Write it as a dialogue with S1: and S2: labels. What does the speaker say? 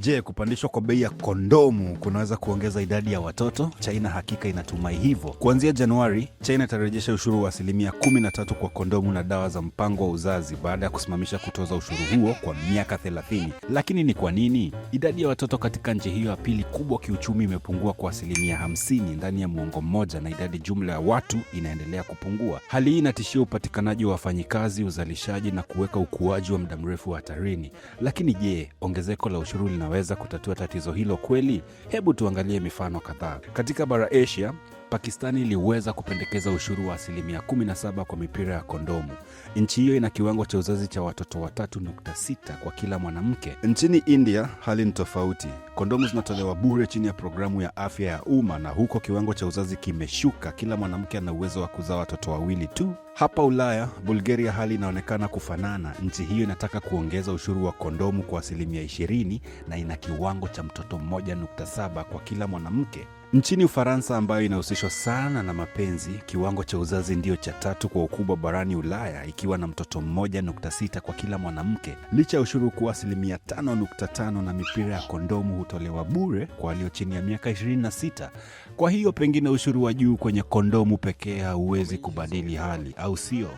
S1: Je, kupandishwa kwa bei ya kondomu kunaweza kuongeza idadi ya watoto? China hakika inatumai hivyo. Kuanzia Januari, China itarejesha ushuru wa asilimia 13 kwa kondomu na dawa za mpango wa uzazi baada ya kusimamisha kutoza ushuru huo kwa miaka 30. Lakini ni kwa nini? Idadi ya watoto katika nchi hiyo ya pili kubwa kiuchumi imepungua kwa asilimia 50 ndani ya muongo mmoja, na idadi jumla ya watu inaendelea kupungua. Hali hii inatishia upatikanaji wa wafanyikazi, uzalishaji na kuweka ukuaji wa muda mrefu hatarini. Lakini je, ongezeko la ushuru lina zinaweza kutatua tatizo hilo kweli? Hebu tuangalie mifano kadhaa katika bara Asia. Pakistani iliweza kupendekeza ushuru wa asilimia 17 kwa mipira ya kondomu. Nchi hiyo ina kiwango cha uzazi cha watoto watatu nukta sita kwa kila mwanamke.
S2: Nchini India hali ni tofauti. Kondomu zinatolewa bure chini ya programu ya afya ya umma, na huko kiwango cha uzazi kimeshuka. Kila mwanamke ana uwezo wa kuzaa watoto wawili tu. Hapa Ulaya, Bulgaria, hali inaonekana kufanana. Nchi hiyo inataka kuongeza ushuru wa kondomu kwa asilimia 20 na ina kiwango cha mtoto mmoja nukta saba kwa kila mwanamke. Nchini Ufaransa ambayo inahusishwa sana na mapenzi, kiwango cha uzazi ndiyo cha tatu kwa ukubwa barani Ulaya, ikiwa na mtoto mmoja nukta sita kwa kila mwanamke, licha ya ushuru kuwa asilimia tano nukta tano na mipira ya kondomu hutolewa bure kwa walio chini ya miaka 26. Kwa hiyo pengine ushuru wa juu kwenye kondomu pekee hauwezi kubadili hali, au sio?